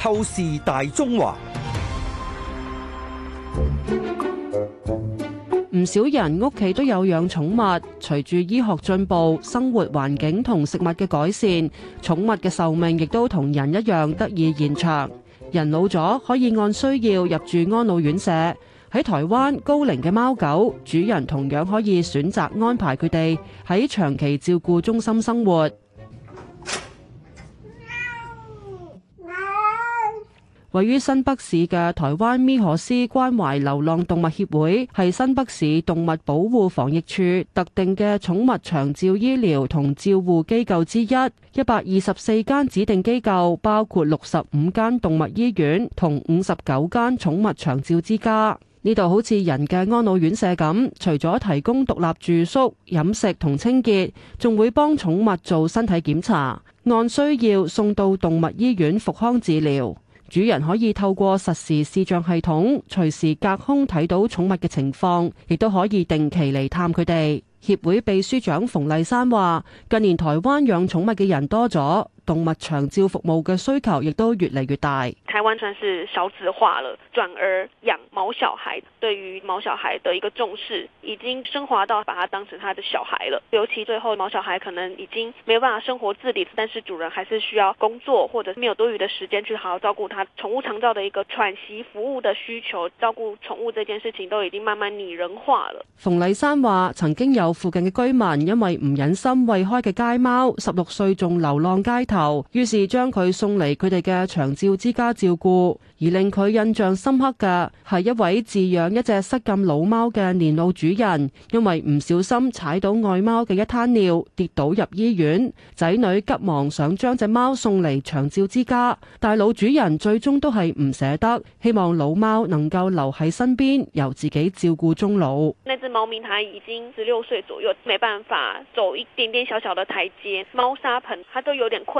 透視大中華。唔少人屋企都有養寵物。隨住醫學進步、生活環境同食物嘅改善，寵物嘅壽命亦都同人一樣得以延長。人老咗可以按需要入住安老院舍。喺台灣高齡嘅貓狗主人同樣可以選擇安排佢哋喺長期照顧中心生活。位於新北市嘅台灣咪可斯關懷流浪動物協會係新北市動物保護防疫處特定嘅寵物長照醫療同照護機構之一。一百二十四間指定機構，包括六十五間動物醫院同五十九間寵物長照之家。呢度好似人嘅安老院舍咁，除咗提供獨立住宿、飲食同清潔，仲會幫寵物做身體檢查，按需要送到動物醫院復康治療。主人可以透過實時視像系統隨時隔空睇到寵物嘅情況，亦都可以定期嚟探佢哋。協會秘書長馮麗珊話：近年台灣養寵物嘅人多咗。動物長照服務嘅需求亦都越嚟越大。台灣算是少子化了，轉而養毛小孩，對於毛小孩的一個重視已經升華到把它當成他的小孩了。尤其最後毛小孩可能已經沒有辦法生活自理，但是主人還是需要工作或者沒有多餘的時間去好好照顧他。寵物長照的一個喘息服務的需求，照顧寵物這件事情都已經慢慢擬人化了。馮麗珊話：曾經有附近嘅居民因為唔忍心餵開嘅街貓，十六歲仲流浪街頭。於是將佢送嚟，佢哋嘅長照之家照顧，而令佢印象深刻嘅係一位飼養一隻失禁老貓嘅年老主人，因為唔小心踩到外貓嘅一灘尿，跌倒入醫院，仔女急忙想將隻貓送嚟長照之家，但老主人最終都係唔捨得，希望老貓能夠留喺身邊，由自己照顧終老。呢隻貓咪它已經十六歲左右，沒辦法走一點點小小的台階，貓砂盆它都有點困。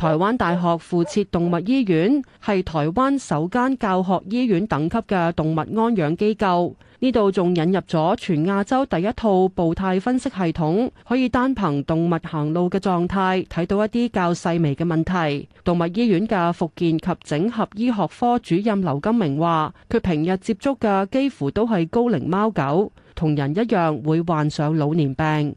台灣大學附設動物醫院係台灣首間教學醫院等級嘅動物安養機構，呢度仲引入咗全亞洲第一套步態分析系統，可以單憑動物行路嘅狀態睇到一啲較細微嘅問題。動物醫院嘅復健及整合醫學科主任劉金明話，佢平日接觸嘅幾乎都係高齡貓狗，同人一樣會患上老年病。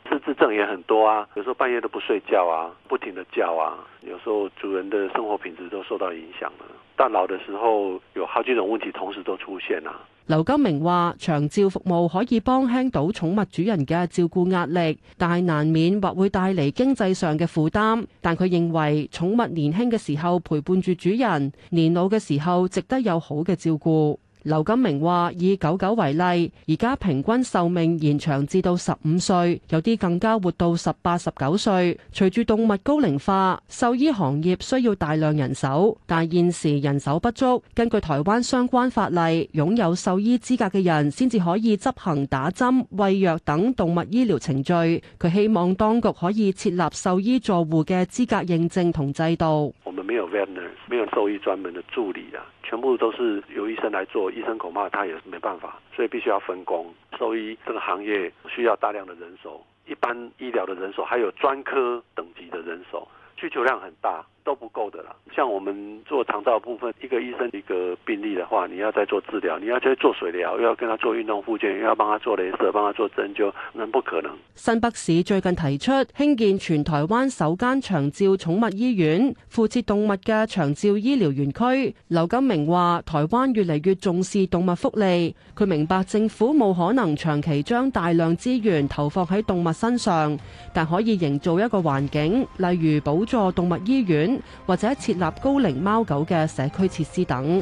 資質證也很多啊，有時候半夜都不睡覺啊，不停的叫啊，有時候主人的生活品質都受到影響了。大老的時候有好幾種問題同時都出現啦。劉金明話：長照服務可以幫輕到寵物主人嘅照顧壓力，但難免或會帶嚟經濟上嘅負擔。但佢認為，寵物年輕嘅時候陪伴住主人，年老嘅時候值得有好嘅照顧。劉金明話：以狗狗為例，而家平均壽命延長至到十五歲，有啲更加活到十八、十九歲。隨住動物高齡化，獸醫行業需要大量人手，但現時人手不足。根據台灣相關法例，擁有獸醫資格嘅人先至可以執行打針、餵藥等動物醫療程序。佢希望當局可以設立獸醫助護嘅資格認證同制度。沒有 vet nurse，沒有獸醫專門的助理啊，全部都是由醫生來做。醫生恐怕他也是沒辦法，所以必須要分工。獸醫這個行業需要大量的人手，一般醫療的人手還有專科等級的人手，需求量很大。都不夠的啦，像我們做長照部分，一個醫生一個病例的話，你要再做治療，你要再做水療，又要跟他做運動復健，又要幫他做鐳射，幫他做針灸，那不可能。新北市最近提出興建全台灣首間長照寵物醫院，附設動物嘅長照醫療園區。劉金明話：台灣越嚟越重視動物福利，佢明白政府冇可能長期將大量資源投放喺動物身上，但可以營造一個環境，例如補助動物醫院。或者設立高齡貓狗嘅社區設施等。